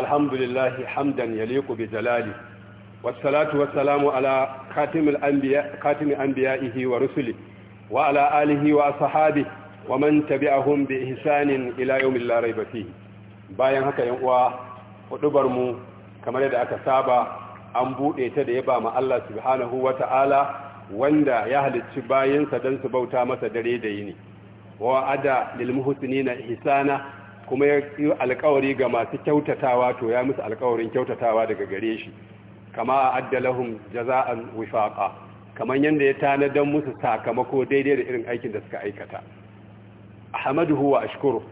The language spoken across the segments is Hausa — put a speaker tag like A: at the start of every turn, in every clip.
A: alhamdulillahi hamdan yaliku bi jalali wassalatu wassalamu ala khatimil anbiya khatimi anbiya'ihi wa rusuli wa ala alihi wa ashabihi wa man tabi'ahum bi ihsanin ila yawmil la rayba bayan haka yan uwa hudubar mu kamar yadda aka saba an bude ta da yaba ma Allah subhanahu ta'ala wanda ya halicci bayinsa dan su bauta masa dare da yini wa ada lil muhsinina ihsana kuma ya yi alƙawari ga masu kyautatawa to ya musu alƙawarin kyautatawa daga gare shi kama adda lahum jaza'an wifaqa kaman yanda ya tanadan musu sakamako daidai da irin aikin da suka aikata ahmaduhu wa ashkuru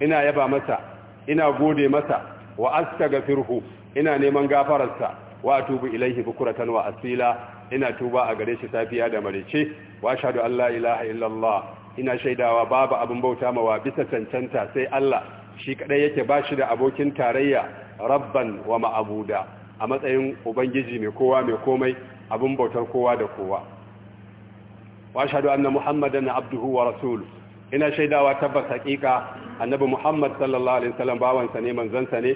A: ina yaba masa ina gode masa wa astaghfiruhu ina neman gafararsa wa atubu ilaihi bukuratan wa asila ina tuba a gare shi safiya da marece wa ashhadu an la ilaha illallah ina shaidawa babu abin bauta mawa bisa cancanta sai Allah shi kadai yake ba shi da abokin tarayya rabban wa ma'abuda a matsayin ubangiji mai kowa mai komai abin bautar kowa da kowa wa shahadu anna muhammadan abduhu wa rasul ina shaidawa tabbas hakika annabi muhammad sallallahu alaihi wasallam bawansa ne manzansa ne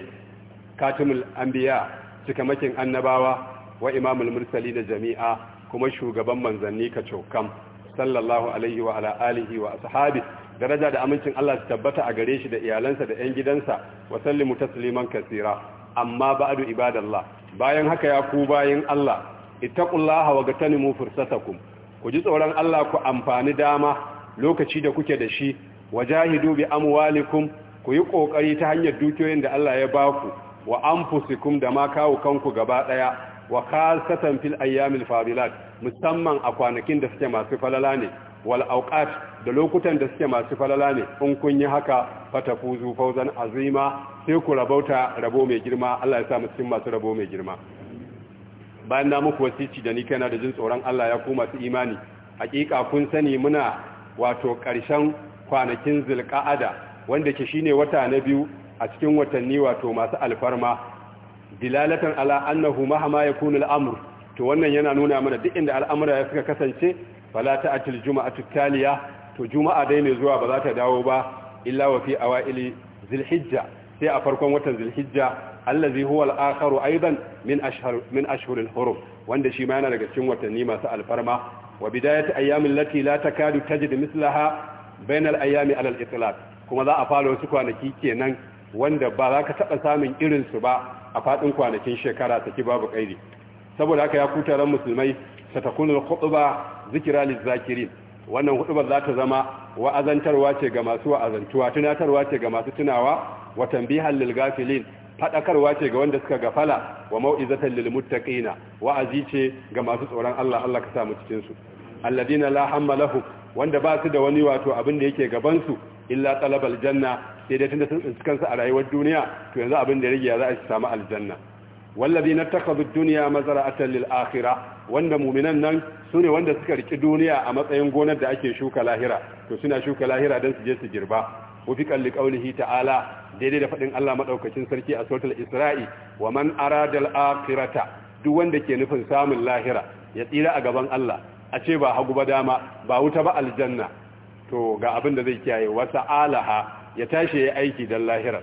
A: katimul anbiya cikamakin annabawa wa imamul da jami'a kuma shugaban manzanni ka cokam sallallahu alaihi wa ala alihi wa ashabi daraja da amincin Allah ta tabbata a gare shi da iyalansa da 'yan gidansa wa sallimu tasliman kasira amma ba'du ibadallah bayan haka ya ku bayan Allah ittaqullaha wa gatanimu fursatakum ku ji tsoron Allah ku amfani dama lokaci da kuke da shi wajahidu bi amwalikum ku yi kokari ta hanyar dukiyoyin da Allah ya baku wa anfusikum da ma kawo kanku gaba daya wa khasatan fil ayyamil fadilat musamman a kwanakin da suke masu falala ne wal awqat da lokutan da suke masu falala ne in kun yi haka fatafuzu fawzan azima sai ku rabauta rabo mai girma Allah ya sa mu cikin masu rabo mai girma bayan na muku wasici da ni kana da jin tsoron Allah ya ku masu imani hakika kun sani muna wato karshen kwanakin zulqa'ada wanda ke shine wata na biyu a cikin watanni wato masu alfarma dilalatan ala annahu mahama yakunu al-amr to wannan yana nuna mana duk inda al'amura ya suka kasance fala ta'atil juma'atu taliya to juma'a dai ne zuwa ba za ta dawo ba illa wa fi awaili zilhijja sai a farkon watan zilhijja allazi huwa al-akharu aidan min ashhar min ashhur al-hurum wanda shi ma yana daga cikin watanni masu alfarma wa bidayatu ayyamin lati la takadu tajid mislaha bayna al-ayami ala al-itlaq kuma za a fara wasu kwanaki kenan wanda ba za ka taba samun irin su ba a fadin kwanakin shekara saki babu kairi saboda haka ya kuta ran musulmai satakunul khutba zikra lizakirin wannan hudubar za ta zama wa'azantarwa ce ga masu wa'azantuwa tunatarwa ce ga masu tunawa wa biyu lil gafilin fadakarwa ce ga wanda suka gafala wa mau'izatan lil muttaqina wa'azi ce ga masu tsoron Allah Allah ka sa mu cikin su alladina la wanda ba su da wani wato abin da yake gaban su illa talabal janna Daidai tun da sun tsinci a rayuwar duniya to yanzu abin da rage ya za a samu aljanna wallazi na takadu duniya a lil akhira wanda mu'minan nan sune wanda suka riki duniya a matsayin gonar da ake shuka lahira to suna shuka lahira dan su je su girba Wufi li qawlihi ta'ala daidai da faɗin Allah maɗaukacin sarki a suratul isra'i wa man arada akhirata duk wanda ke nufin samun lahira ya tsira a gaban Allah a ce ba hagu ba dama ba wuta ba aljanna to ga abin da zai kiyaye wata alaha ya tashi ya aiki don lahira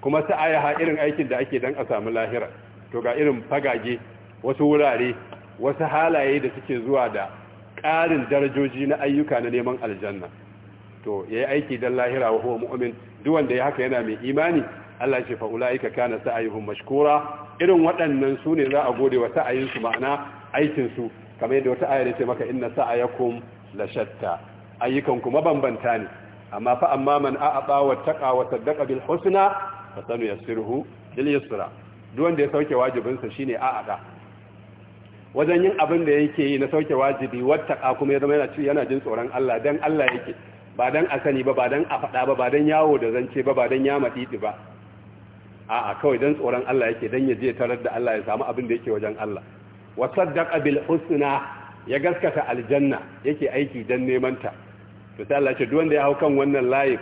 A: kuma sa'aya ha irin aikin da ake dan a samu lahira to ga irin fagage wasu wurare wasu halaye da suke zuwa da ƙarin darajoji na ayyuka na neman aljanna to ya yi aiki don lahira wa huwa mu'min duk wanda ya haka yana mai imani Allah ce fa ulaika kana sa'ayuhum mashkura irin waɗannan su ne za a gode wa sa'ayinsu ma'ana aikinsu kamar yadda wata ayar ce maka inna sa'ayakum la shatta ayyukan kuma bambanta ne amma fa amma man aba wa taqa wa saddaqa bil husna fa sanuyassiruhu lil yusra duk wanda ya sauke wajibin sa shine a'ada wajen yin abin da yake yi na sauke wajibi ka kuma ya zama yana yana jin tsoron Allah dan Allah yake ba dan a sani ba ba dan a faɗa ba ba dan yawo da zance ba ba dan ya matiti ba a'a kawai dan tsoron Allah yake dan ya je tarar da Allah ya samu abin da yake wajen Allah wa saddaqa bil husna ya gaskata aljanna yake aiki dan neman ta to sai Allah ce duk wanda ya hau kan wannan layi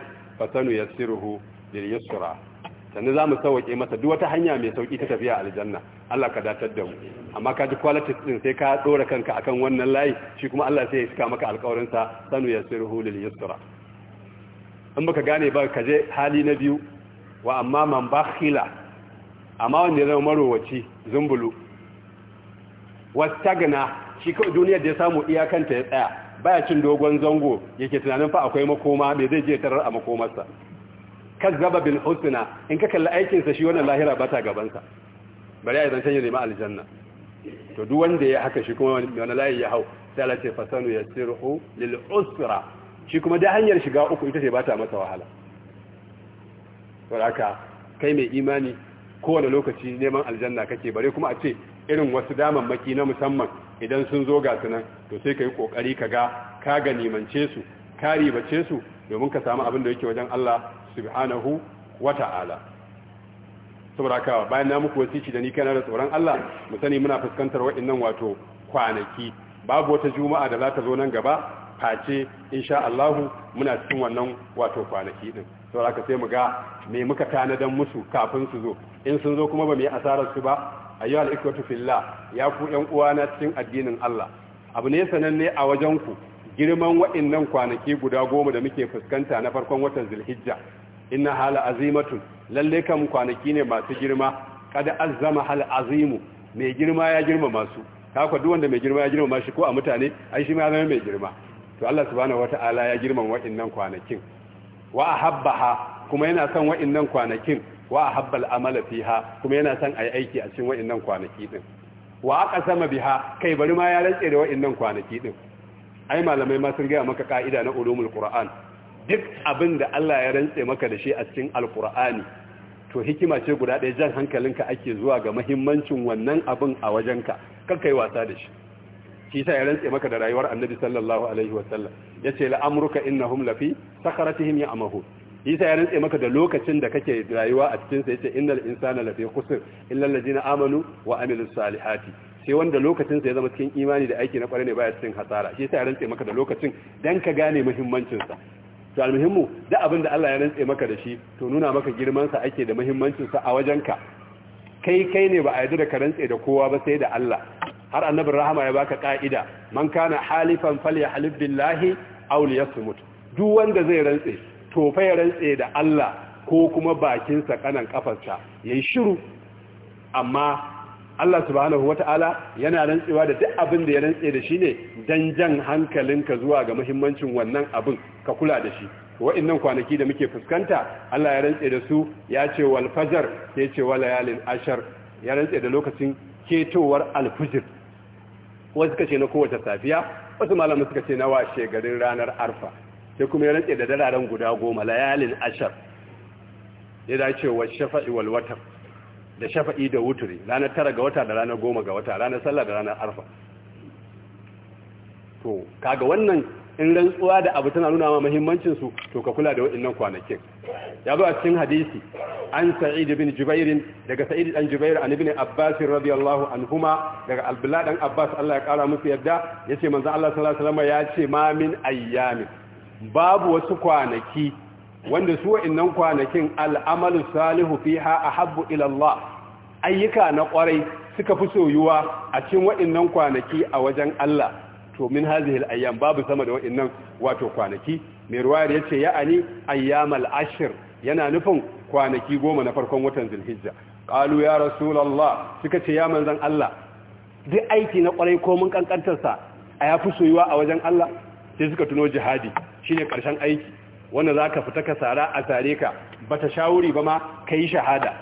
A: sanu yassiruhu lil yusra sannan zamu sauke masa duk wata hanya mai sauki ta tafiya aljanna Allah ka datar da mu amma ka ji quality din sai ka dora kanka akan wannan layi shi kuma Allah sai ya saka maka alƙawarin sa sanu yassiruhu lil yusra in baka gane ba ka je hali na biyu wa amma man bakhila amma wanda ya zama marowaci zumbulu wastagna shi kawai duniyar da ya samu iyakanta ya tsaya baya cin dogon zango yake tunanin fa akwai makoma bai zai je tarar a makomarsa kazzaba bil husna in ka kalli aikin sa shi wannan lahira ba ta gaban sa bari ya zance ya nemi aljanna to duk wanda ya haka shi kuma wannan layi ya hau sai Allah ce fasanu yasirhu lil usra shi kuma da hanyar shiga uku ita ce ba ta masa wahala haka kai mai imani kowane lokaci neman aljanna kake bare kuma a ce irin wasu damammaki na musamman idan sun zo ga sunan to sai ka yi ƙoƙari ka ga ka ganimance su ka ribace su domin ka samu abin da yake wajen Allah subhanahu wa ta'ala saboda bayan na muku wasici da ni kana da tsoron Allah mu sani muna fuskantar wa'annan wato kwanaki babu wata juma'a da za ta zo nan gaba face insha Allah muna cikin wannan wato kwanaki din sauraka sai mu ga me muka tanadan musu kafin su zo in sun zo kuma ba mu yi asarar su ba ayyuhal ikwatu fillah ya ku yan uwana cikin addinin Allah abu ne sananne a wajen ku girman wa'annan kwanaki guda goma da muke fuskanta na farkon watan zulhijja inna hala azimatun lalle kam kwanaki ne masu girma kada azama hal azimu mai girma ya girma masu haka duk wanda mai girma ya girma shi ko a mutane ai shi ma zama mai girma to Allah subhanahu wataala ya girman wa'annan kwanakin wa ahabbaha kuma yana son wa'annan kwanakin wa ahabbal amala fiha kuma yana son yi aiki a cikin wa'annan kwanaki din wa sama biha kai bari ma ya rantse da wa'annan kwanaki din ai malamai ma sun ga maka ka'ida na ulumul qur'an duk abin da Allah ya rantse maka da shi a cikin alqur'ani to hikima ce guda ɗaya jan hankalinka ake zuwa ga mahimmancin wannan abin a wajenka yi wasa da shi shi sa ya rantse maka da rayuwar annabi sallallahu alaihi wasallam yace la amruka innahum lafi sakaratihim ya amahu isa ya rantse maka da lokacin da kake rayuwa a cikin sa yace innal insana lafi khusr illa alladhina amanu wa amilus salihati sai wanda lokacin sa ya zama cikin imani da aiki na kware ne baya cikin hasara shi yasa ya rantse maka da lokacin dan ka gane muhimmancin sa to almuhimmu da abin da Allah ya rantse maka da shi to nuna maka girman sa ake da muhimmancin sa a wajenka kai kai ne ba a yarda da ka rantse da kowa ba sai da Allah har annabin rahama ya baka ka'ida man kana halifan halif billahi aw liyasmut duk wanda zai rantse to fa ya rantse da Allah ko kuma bakinsa kanan kafarsa yayi shiru amma Allah subhanahu wata'ala yana rantsewa da duk abin da ya rantse da shi ne dan jan hankalinka zuwa ga muhimmancin wannan abin ka kula da shi wa'annan kwanaki da muke fuskanta Allah ya rantse da su ya ce wal fajar ya ce wal layalin ashar ya rantse da lokacin ketowar alfijir wasu suka ce na kowace safiya wasu malamai suka ce na washe garin ranar arfa sai kuma ya rantse da dararen guda goma layalin ashar ya dace wa shafa'i wal da shafa'i da wuturi ranar tara ga wata da ranar goma ga wata ranar sallah da ranar arfa to kaga wannan in rantsuwa da abu tana nuna ma muhimmancin su to ka kula da waɗannan kwanakin ya zo a cikin hadisi an sa'id bin jubair daga sa'id dan jubair an ibn abbas radiyallahu anhuma daga abdullah dan abbas Allah ya kara musu yadda yace manzo Allah sallallahu alaihi wasallam ya ce ma min ayyamin babu wasu kwanaki wanda su waɗannan kwanakin al'amalu salihu fiha ahabbu ila Allah ayyuka na kwarai suka fi soyuwa a cikin waɗannan kwanaki a wajen Allah to min hazihil ayyam babu sama da wa'annan wato kwanaki mai ruwayar yace ya'ani ayyamal ashir yana nufin kwanaki goma na farkon watan zulhijja qalu ya rasulullah suka ce ya manzon Allah duk aiki na kwarai ko mun kankantar sa a yafi soyuwa a wajen Allah sai suka tuno jihadi shine karshen aiki wanda zaka fita ka sara a sare ka bata shawuri ba ma kai shahada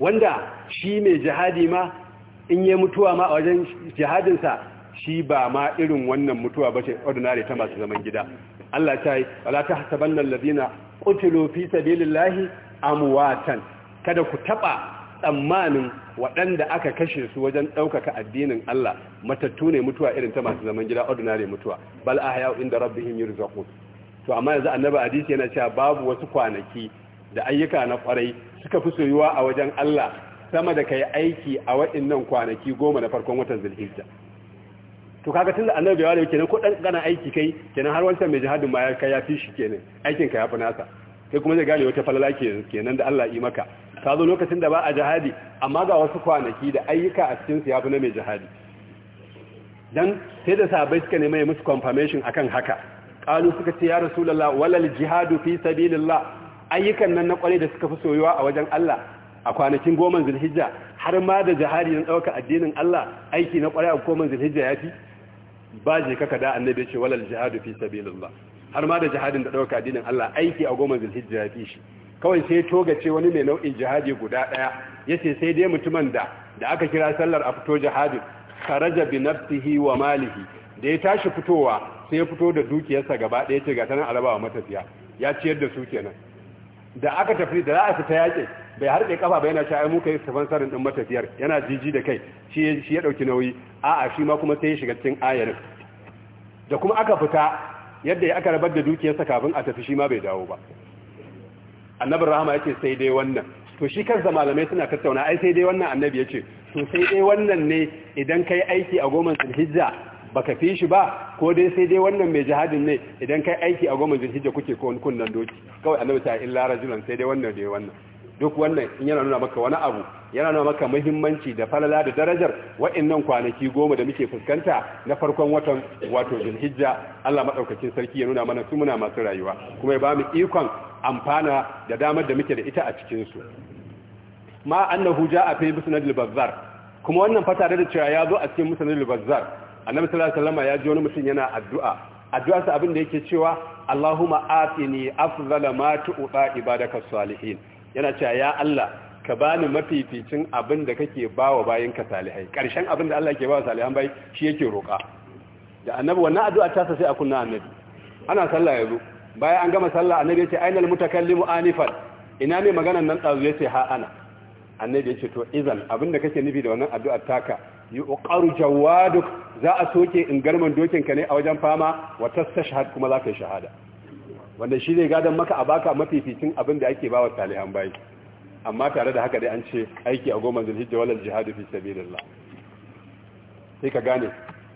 A: wanda shi mai jihadi ma in ya mutuwa ma a wajen jihadinsa shi ba ma irin wannan mutuwa ba ce ordinary ta masu zaman gida Allah ta yi wala ta hasabanna allazina qutilu fi lahi amuwatan. kada ku taɓa tsammanin waɗanda aka kashe su wajen ɗaukaka addinin Allah matattu ne mutuwa irin ta masu zaman gida ordinary mutuwa bal a hayau inda rabbihim yurzaqun to amma yanzu annabi hadisi yana cewa babu wasu kwanaki da ayyuka na kwarai suka fi soyuwa a wajen Allah sama da kai aiki a waɗannan kwanaki goma na farkon watan zulhijja to kaga tunda annabi ya wale kenan ko dan kana aiki kai kenan har wancan mai jihadin ma ya kai ya fi shi kenan aikin ka ya fi nasa kai kuma zai gane wata falala kenan da Allah yi maka ta zo lokacin da ba a jihadi amma ga wasu kwanaki da ayyuka a cikin su ya fi na mai jihadi dan sai da sabai suka nemi musu confirmation akan haka qalu suka ce ya rasulullah walal jihadu fi sabilillah ayyukan nan na kware da suka fi soyuwa a wajen Allah a kwanakin goma zulhijja har ma da jihari na ɗauka addinin Allah aiki na ƙwarar a goma zulhijja ya fi ba je kaka da annabi ce walal jihadu fi sabilillah har ma da jihadin da ɗauka addinin Allah aiki a goma zulhijja ya fi shi kawai sai toga ce wani mai nau'in jihadi guda ɗaya yace sai dai mutumin da da aka kira sallar a fito jihadin kharaja bi nafsihi wa malihi da ya tashi fitowa sai ya fito da dukiyarsa gaba ɗaya ce ga tanan alaba matafiya ya ciyar da su kenan da aka tafi da za a fita yaƙi bai harbe kafa ba yana cewa ai muka yi sarin din matafiyar yana jiji da kai shi shi ya dauki nauyi a'a shi ma kuma sai ya shiga cikin ayarin da kuma aka fita yadda aka rabar da dukiyarsa kafin a tafi shi ma bai dawo ba annabi rahama yake sai dai wannan to shi kansa malamai suna tattauna ai sai dai wannan annabi yace to sai dai wannan ne idan kai aiki a goma zulhijja baka fi shi ba ko dai sai dai wannan mai jihadin ne idan kai aiki a goma zulhijja kuke ko kunnan doki kawai annabi ta illa rajulan sai dai wannan da wannan duk wannan in yana nuna maka wani abu yana nuna maka muhimmanci da falala da darajar wa'annan kwanaki goma da muke fuskanta na farkon watan wato zulhijja Allah madaukakin sarki ya nuna mana su muna masu rayuwa kuma ya bamu ikon amfana da damar da muke da ita a cikin su ma annahu jaa fi musnadil bazzar kuma wannan fata da cewa ya zo a cikin musnadil bazzar annabi sallallahu alaihi wasallam ya ji wani mutum yana addu'a addu'a sa abin da yake cewa Allahumma atini afzala ma tu'ta ibadaka salihin yana cewa ya Allah ka bani mafificin abin da kake bawa bayin ka salihai karshen abin da Allah ke bawa salihan bai shi yake roƙa da annabi wannan addu'a ta sai a kunna annabi ana sallah yanzu bayan an gama sallah annabi ce ainal mutakallimu anifan ina ne maganan nan ya ce ha ana annabi ce to izan abin da kake nufi da wannan addua taka uqaru jawaduk za a soke in garman dokin ka ne a wajen fama wa tastashhad kuma za ka yi shahada wanda shi ne gadon maka a baka mafificin abin da ake bawa salihan bayi amma tare da haka dai an ce aiki a goma zulhijja walal jihadu fi sabilillah sai ka gane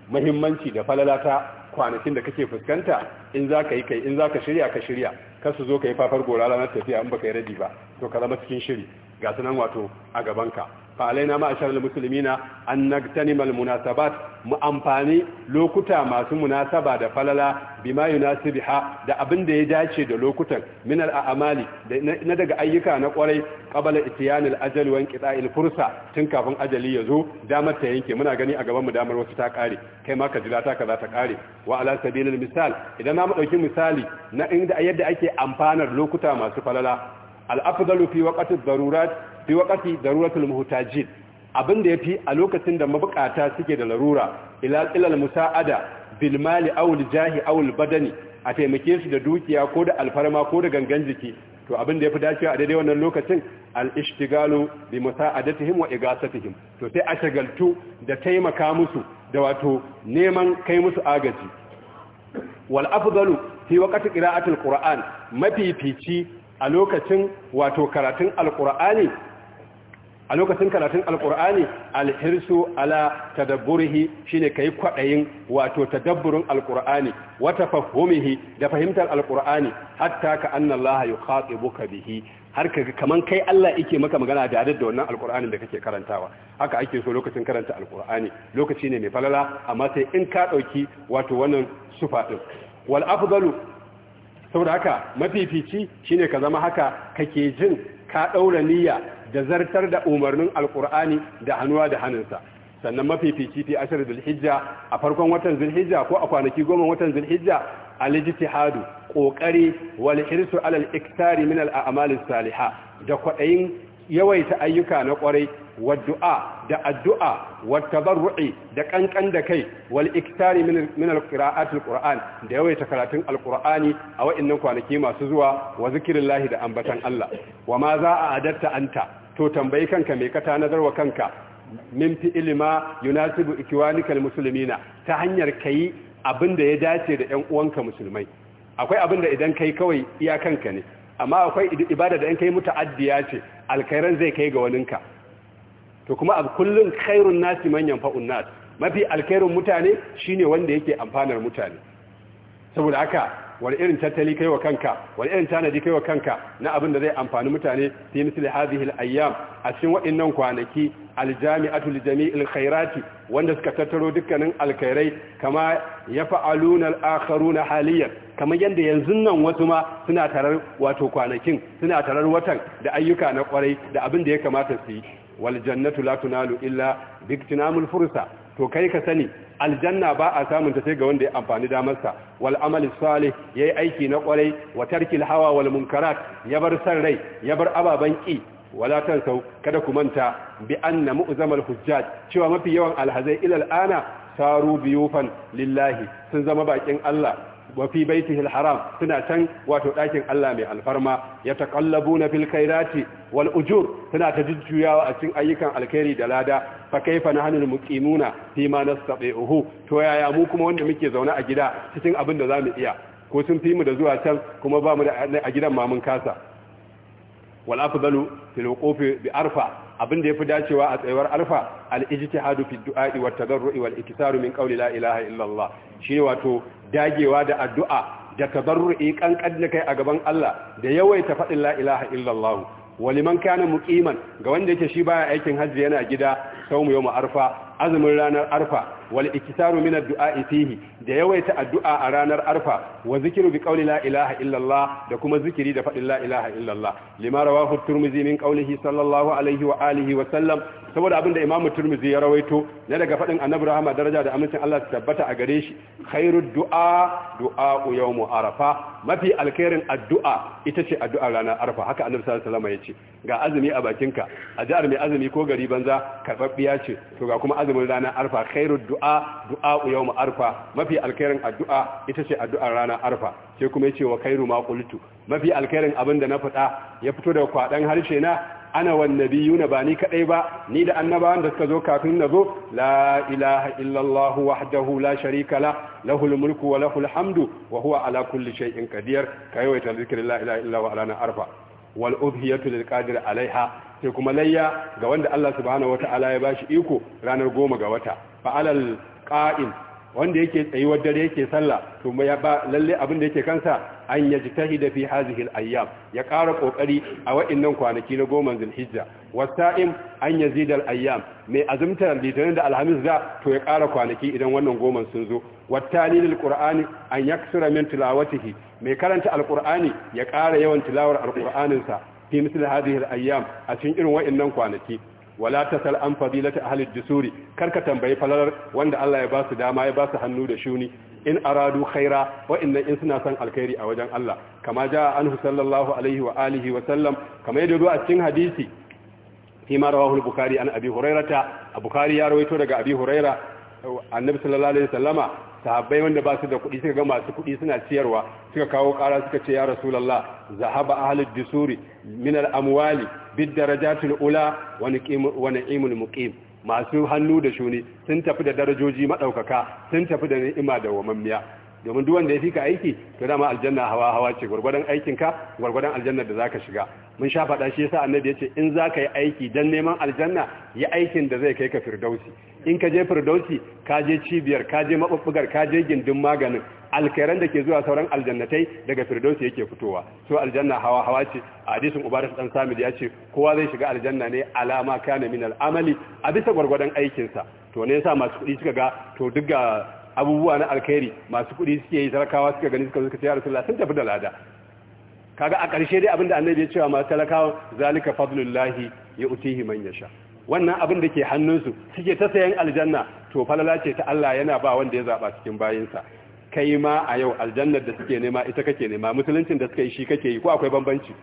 A: mahimmanci da falala ta kwanakin da kake fuskanta in za ka yi kai in za ka shirya ka shirya kar su zo ka yi fafar gora ranar tafiya in baka yi rabi ba to ka zama cikin shiri ga sunan wato a gabanka fa alaina ma ashar na an tanimal munasabat mu amfani lokuta masu munasaba da falala bima yunasibha da abin da ya dace da lokutan min amali na daga ayyuka na kwarai qabala itiyanil ajal wa inqita'il fursa tun kafin ajali ya zo damar ta yanke muna gani a gaban mu damar wasu ta kare kai ma ka jira ta za ta kare wa ala sabilil misal idan na mu dauki misali na inda yadda ake amfanar lokuta masu falala al afdalu fi waqti darurat fi da daruratul muhtajin abin da yafi a lokacin da mabukata suke da larura ilal ilal musa'ada bilmali mali jahi awul badani a taimake su da dukiya ko da alfarma ko da gangan jiki to abin da yafi dacewa a daidai wannan lokacin al ishtigalu bi musa'adatihim wa igasatihim to sai a shagaltu da taimaka musu da wato neman kai musu agaji wal afdalu fi waqti qira'atil qur'an mafifici a lokacin wato karatun alqur'ani a lokacin karatun alkur'ani alhirsu ala tadabburihi shine kai kwadayin wato tadabburin alkur'ani wata tafahhumihi da fahimtar alkur'ani hatta ka anna allaha yukhatibuka bihi har kaga kaman kai Allah yake maka magana da adad da wannan alkur'ani da kake karantawa haka ake so lokacin karanta alkur'ani lokaci ne mai falala amma sai in ka dauki wato wannan sufa din wal afdalu saboda haka mafifici shine ka zama haka kake jin ka ɗaura niyya da zartar da umarnin alkur'ani da hannuwa da hannunsa sannan mafifici fi ashirin zulhijja a farkon watan zulhijja ko a kwanaki goma watan zulhijja alijtihadu kokari wal hirsu alal iktari min al a'mal salihah da kwadayin yawaita ayyuka na kwarai والدعاء دا الدعاء والتضرع دا كنكن دا كي والإكتار من من القراءات القرآن دا يوي تكراتين القرآن أو إنكو أنا كيما سزوا وذكر الله دا أنبتان الله وماذا أعددت أنت تو تنبي كنك ميكتا نذر وكنك من في إلما يناسب إكوانك المسلمين تهنير كي abin da ya dace da ‘yan uwanka musulmai akwai abin da idan kai kawai iyakanka ne amma akwai ibada da ‘yan kai mutu'addiya ce alkairan zai kai ga waninka to kuma a kullun khairun nasi manyan fa'un nas mafi alkhairun mutane shine wanda yake amfanar mutane saboda haka wani irin tattali kai wa kanka wani irin tanadi kai wa kanka na abin da zai amfani mutane fi misli hadhihi al-ayyam a cikin waɗannan kwanaki aljami'atu li khairati wanda suka tattaro dukkanin alkhairai kama yaf'aluna al-akharuna haliyan kamar yanda yanzu nan wasu ma suna tarar wato kwanakin suna tarar watan da ayyuka na kwarai da abin da ya kamata su yi Waljannatu jannatu la tunalu illa biktinamul fursa to kai ka sani aljanna ba a samun ta sai ga wanda ya amfani damarsa wal amali salih yayi aiki na kwarai wa tarkil hawa wal munkarat ya bar san rai ya bar ababan ki wala tansau kada ku manta bi anna mu'zamal hujjaj cewa mafi yawan alhazai ila al'ana saru biyufan lillahi sun zama bakin Allah wa fi haram suna can wato ɗakin Allah mai alfarma ya taqallabuna fil khairati wal ujur suna ta jujjuyawa a cikin ayyukan alkhairi da lada fa kaifa nahnu muqimuna fi ma nastabi'uhu to yaya mu kuma wanda muke zaune a gida cikin abin da zamu iya ko sun fi mu da zuwa can kuma ba mu da a gidan ma mun kasa wal afdalu fil wuqufi bi arfa abin da fi dacewa a tsayuwar alfa al-ijtihadu fi du'a'i wa tadarru'i wal min qawli la ilaha illa Allah wato dagewa da addu'a da tazarru'i kankan da kai a gaban Allah da yawaita faɗin la ilaha Wali man waliman kana muqiman ga wanda yake shi baya aikin hajji yana gida sau mu arfa azumin ranar arfa wal iktaru min addu'a fihi da yawaita addu'a a ranar arfa wa zikru bi qawli la ilaha illallah da kuma zikiri da fadin la ilaha illallah lima rawahu turmizi min qawlihi sallallahu alaihi wa alihi wa sallam saboda abinda imamu turmizi ya rawaito na daga fadin annabi rahama daraja da amincin Allah ta tabbata a gare shi khairud du'a du'a yawm arafa mafi alkhairin addu'a ita ce addu'a ranar arfa haka annabi sallallahu alaihi wa sallam ya ce ga azumi a bakinka a jihar mai azumi ko gari banza karbabbiya ce to ga kuma azumin ranar arfa khairud du'a du'a yawm arfa mafi alkhairin addu'a ita ce addu'ar ranar arfa sai kuma yace wa khairu ma qultu mafi alkhairin abin da na faɗa ya fito da kwadan harshe na ana wan nabiyuna ba ni kadai ba ni da annabawan da suka zo kafin na zo la ilaha illallah wahdahu la sharika la lahul mulku wa lahul hamdu wa huwa ala kulli shay'in qadir kayawaita zikrillah la ilaha illa huwa ala arfa wal udhiyatu lil qadir alaiha sai kuma layya ga wanda Allah subhanahu wataala ya bashi iko ranar goma ga wata fa alal qa'im wanda yake tsayuwar dare yake sallah to ya ba lalle abin da yake kansa an yajtahida fi hadhihi al-ayyam ya ƙara kokari a wa'annan kwanaki na goma zulhijja wasa'im an yazida al-ayyam mai azumtar litinin da alhamis da to ya ƙara kwanaki idan wannan goma sun zo wattali lil qur'ani an yaksura min tilawatihi mai karanta al-qur'ani ya ƙara yawan tilawar al-qur'anin fi misli hadhihi al-ayyam a cikin irin wa'annan kwanaki wala tasal an fadilata ahli dusuri karka tambayi falalar wanda Allah ya ba su dama ya ba su hannu da shuni in aradu khaira wa'annan in suna son alkhairi a wajen Allah kama ja anhu sallallahu alaihi wa alihi wa sallam kama yadda a cikin hadisi fima rawahu al-bukhari an abi hurairata al-bukhari ya rawaito daga abi huraira annabi sallallahu alaihi wasallama sahabbai wanda ba su da kuɗi suka ga masu kuɗi suna ciyarwa suka kawo ƙara suka ce ya rasulallah zahaba ahli dusuri min al'amwali bid darajatul ula wani imun muqim masu hannu da shuni sun tafi da darajoji maɗaukaka sun tafi da ni'ima da wamammiya domin duk wanda ya ka aiki to dama aljanna hawa hawa ce gurgurdan ka gurgurdan aljanna da zaka shiga mun sha faɗa shi yasa annabi ce, in zaka yi aiki dan neman aljanna yi aikin da zai kai ka firdausi in ka je firdausi ka je cibiyar ka je mabubbugar ka je gindin maganin alkairan da ke zuwa sauran aljannatai daga firdausi yake fitowa so aljanna hawa hawa ce a hadisin Ubaris dan samid ya ce kowa zai shiga aljanna ne alama kana min al'amali a bisa aikin aikinsa to ne yasa masu kuɗi suka ga to duk abubuwa na alkhairi masu kuɗi suke yi talakawa suka gani suka suka tsaye a rasulullah sun tafi da lada kaga a ƙarshe dai abinda annabi ya cewa masu talakawa zalika fadlullahi ya utihi man yasha wannan abin da ke hannunsu suke ta sayan aljanna to falala ce ta Allah yana ba wanda ya zaba cikin bayinsa kai ma a yau aljannar da suke nema ita kake nema musuluncin da suka yi shi kake yi ko akwai bambanci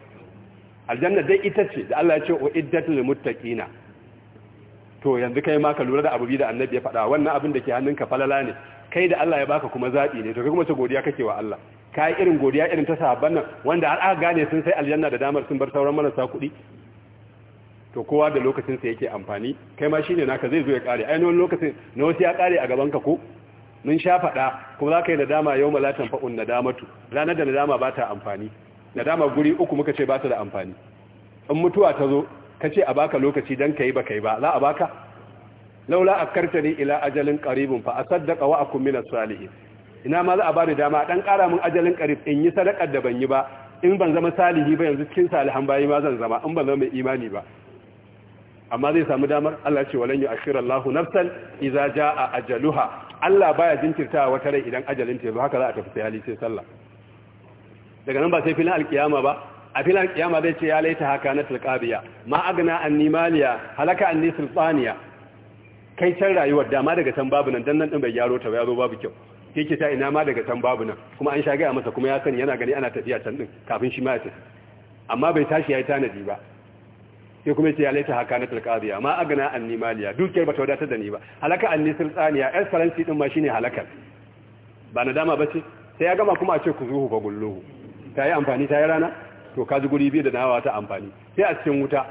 A: aljanna dai ita ce da Allah ya ce wa iddatul muttaqina to yanzu kai ma ka lura da abubi da annabi ya faɗa wannan abin da ke hannunka falala ne kai da Allah ya baka kuma zaɓi ne to kai kuma ce godiya kake wa Allah ka yi irin godiya irin ta sahabban nan wanda har aka gane sun sai aljanna da damar sun bar sauran marasa kuɗi to kowa da lokacin sa yake amfani kai ma shine naka zai zo ya kare ai wani lokacin na wasu ya kare a gaban ka ko mun sha faɗa kuma za ka yi nadama yau malatan fa'un nadamatu ranar da nadama ba ta amfani nadama guri uku muka ce ba ta da amfani in mutuwa ta zo ka ce a baka lokaci dan ka yi ba ka ba za a baka laula ne ila ajalin qaribin fa saddaka wa akum minas salihin ina ma za a da dama dan kara min ajalin qarib in yi sadakar da ban yi ba in ban zama salihi ba yanzu cikin salihan bayi ma zan zama in ban zama mai imani ba amma zai samu damar Allah ce walan yu'akhira Allahu nafsan idza a ajaluha Allah baya a wata rai idan ajalin ta yanzu haka za a tafi sai sai sallah daga nan ba sai filin alkiyama ba a filin alkiyama zai ce ya laita haka na tilqabiya ma agna anni maliya halaka anni sultaniya kai can rayuwar dama daga can babu nan dan nan din bai gyaro ta ba zo babu kyau yake ta ina ma daga can babu nan kuma an shagaya masa kuma ya sani yana gani ana tafiya can din kafin shi ma ya tafi amma bai tashi yayi tanadi ba sai kuma ce ya laita haka na tilqadiya ma agana anni dukiyar ba ta wadata da ni ba halaka anni sultaniya ɗan faransi din ma shine halakar ba na dama ba ce sai ya gama kuma a ce ku zuhu ba gulluhu ta yi amfani ta yi rana to ka ji guri biyu da nawa ta amfani sai a cikin wuta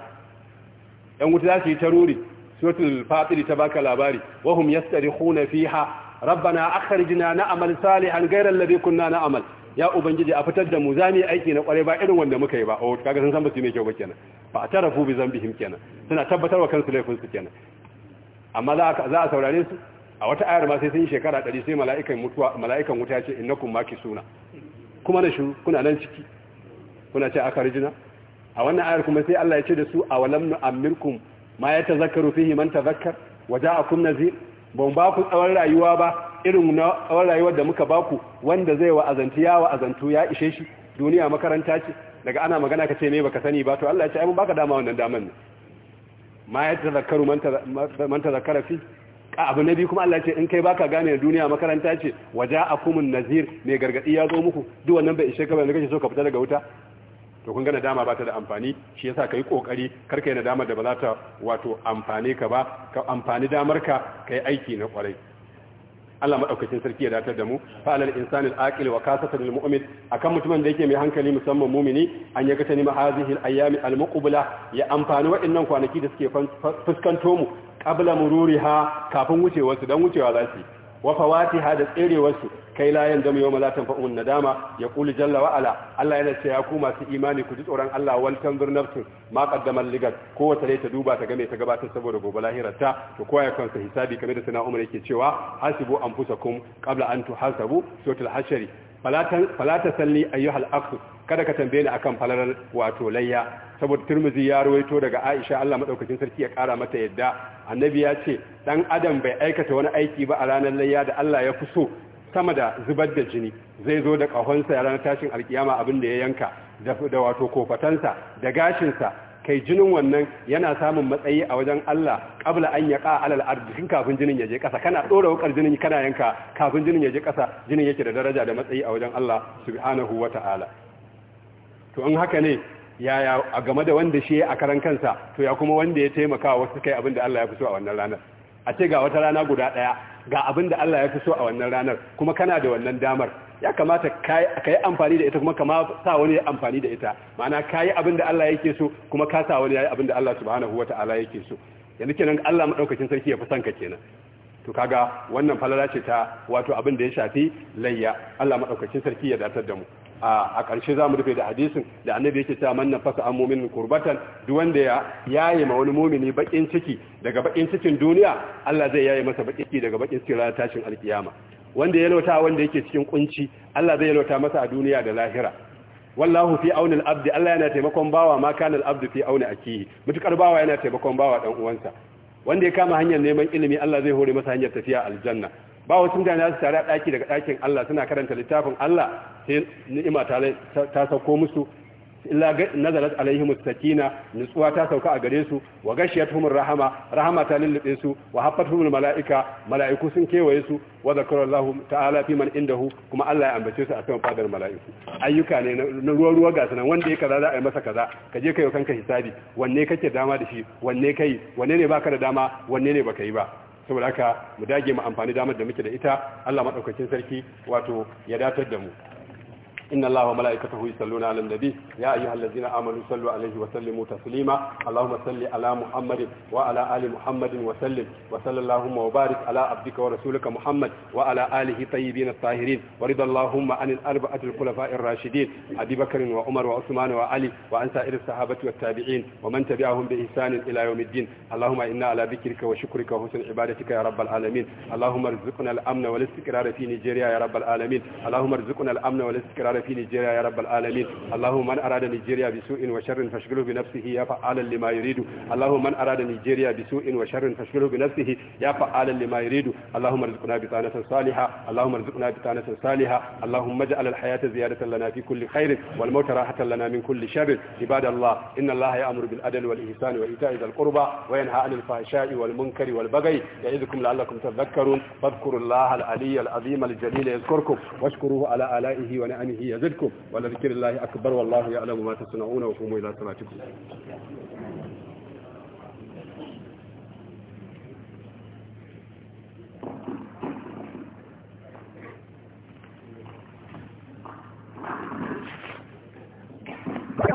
A: yan wuta za su yi taruri suratul fatir ta baka labari wa hum yastarikhuna fiha rabbana akhrijna na'mal salihan ghayra alladhi kunna na'mal ya ubangiji a fitar da mu zami aiki na kware ba irin wanda muka yi ba oh kaga sun san ba su mai kyau ba kenan fa atarafu bi zambihim kenan suna tabbatar wa kansu laifin su kenan amma za a saurare su a wata ayar ma sai sun yi shekara 100 sai mala'ikan mutuwa mala'ikan wuta ce innakum makisuna kuma da shi kuna nan ciki kuna ce aka rijina a wannan ayar kuma sai Allah ya ce da su awalam nu amirkum ma ya tazakaru fihi man tazakkar wa ja'akum nazir ban ba ku tsawon rayuwa ba irin na tsawon rayuwar da muka ba ku wanda zai wa azanti ya wa azantu ya ishe shi duniya makaranta ce daga ana magana ka ce me baka sani ba to Allah ya ce ai mun baka dama wannan daman ne ma ya tazakaru man tazakara fi abu na kuma Allah ce in kai baka gane duniya makaranta ce waja akumun nazir me gargadi ya zo muku duk wannan bai ishe ka ba ne kace so ka fita daga wuta to kun ga nadama ba ta da amfani shi yasa kai kokari kar kai nadama da ba za ta wato amfane ka ba ka amfani damar ka kai aiki na kwarai Allah madaukakin sarki ya datar da mu fa alal insani al-aqil wa kasatan al-mu'min akan mutumin da yake mai hankali musamman mu'mini an yaga tani ma hazihi al-ayyam al-muqbila ya amfani waɗannan kwanaki da suke fuskanto mu qabla mururiha kafin wucewa su dan wucewa za su wa fawatiha da tserewarsu kai la yan zama faun la tanfa'un nadama yaqulu jalla wa'ala Allah yana ya ku masu imani ku ji tsoron Allah wal tanzur ma kaddamar ligar ko wata ta duba ta game ta gabatar saboda gobe lahirarta to kowa ya kansa hisabi game da sana Umar yake cewa hasibu kum qabla an tu tuhasabu suratul hashari falata salli ayyuhal akhu kada ka tambaye ni akan falalar wato layya saboda turmuzi ya ruwaito daga aisha Allah madaukakin sarki ya kara mata yadda annabi ya ce dan adam bai aikata wani aiki ba a ranar layya da Allah ya fi so sama da zubar da jini zai zo da kahonsa ya ranar tashin alkiyama abin da ya yanka da wato kofatansa da gashinsa kai jinin wannan yana samun matsayi a wajen Allah kabla an yaqa alal ardi kafin jinin ya je ƙasa kana ɗora wukar jinin kana yanka kafin jinin ya je ƙasa jinin yake da daraja da matsayi a wajen Allah subhanahu ta'ala. to in haka ne yaya a game da wanda shi a karan kansa to ya kuma wanda ya taimaka wasu kai abin da Allah ya fi so a wannan ranar a ce ga wata rana guda ɗaya ga abin da Allah ya fi so a wannan ranar kuma kana da wannan damar ya kamata ka yi amfani da ita kuma kama sa wani ya amfani da ita ma'ana ka yi abin da Allah yake so kuma ka sa wani ya yi abin da Allah subhanahu ta'ala yake so yanzu kenan Allah maɗaukacin sarki ya fi son ka kenan to kaga wannan falala ce ta wato abin da ya shafi layya Allah maɗaukacin sarki ya datar da mu a ƙarshe za mu rufe da hadisin da annabi yake cewa man nafasa an mumin kurbatan duk wanda ya yaye ma wani mumini bakin ciki daga bakin cikin duniya Allah zai yaye masa bakin ciki daga bakin cikin ranar tashin alkiyama wanda ya lota wanda yake cikin kunci Allah zai lota masa a duniya da lahira wallahu fi aunil abdi Allah yana taimakon bawa ma kana abdu fi auni akihi mutukar bawa yana taimakon bawa dan uwansa wanda ya kama hanyar neman ilimi Allah zai hore masa hanyar tafiya aljanna ba wasu mutane su tare daki daga dakin Allah suna karanta littafin Allah sai ni'ima ta sauko musu illa nazalat alaihim sakina nutsuwa ta sauka a gare su wa gashiyatuhum rahama rahama ta lullube su wa haffatuhum malaika malaiku sun kewaye su wa zakarallahu ta'ala fi man indahu kuma Allah ya ambace su a kan fadar malaiku ayyuka ne na ruwa ruwa ga sanan wanda ya kaza za a yi masa kaza ka je kai kanka hisabi wanne kake dama da shi wanne kai wanne ne baka da dama wanne ne baka yi ba saboda haka mu dage mu amfani damar da muke da ita Allah madaukakin sarki wato ya datar da mu إن الله وملائكته يصلون على النبي يا أيها الذين آمنوا صلوا عليه وسلموا تسليما اللهم صل على محمد وعلى آل محمد وسلم وصلى اللهم وبارك على عبدك ورسولك محمد وعلى آله طيبين الطاهرين ورضى اللهم عن الأربعة الخلفاء الراشدين أبي بكر وعمر وعثمان وعلي وعن سائر الصحابة والتابعين ومن تبعهم بإحسان إلى يوم الدين اللهم إنا على ذكرك وشكرك وحسن عبادتك يا رب العالمين اللهم ارزقنا الأمن والاستقرار في نيجيريا يا رب العالمين اللهم ارزقنا الأمن والاستقرار وقال في نيجيريا يا رب العالمين اللهم من أراد نيجيريا بسوء وشر فاشغله بنفسه يا فعالا لما يريد اللهم من أراد نيجيريا بسوء وشر فاشغله بنفسه يا فعالا لما يريد اللهم ارزقنا بطانة صالحة اللهم ارزقنا بطانة صالحة اللهم اجعل الحياة زيادة لنا في كل خير والموت راحة لنا من كل شر عباد الله إن الله يأمر بالعدل والإحسان وإيتاء ذي القربى وينهى عن الفحشاء والمنكر والبغي يعظكم لعلكم تذكرون فاذكروا الله العلي العظيم الجليل يذكركم واشكروه على آلائه ونعمه يزدكم ولذكر الله أكبر والله يعلم ما تصنعون وقوموا إلى صلاتكم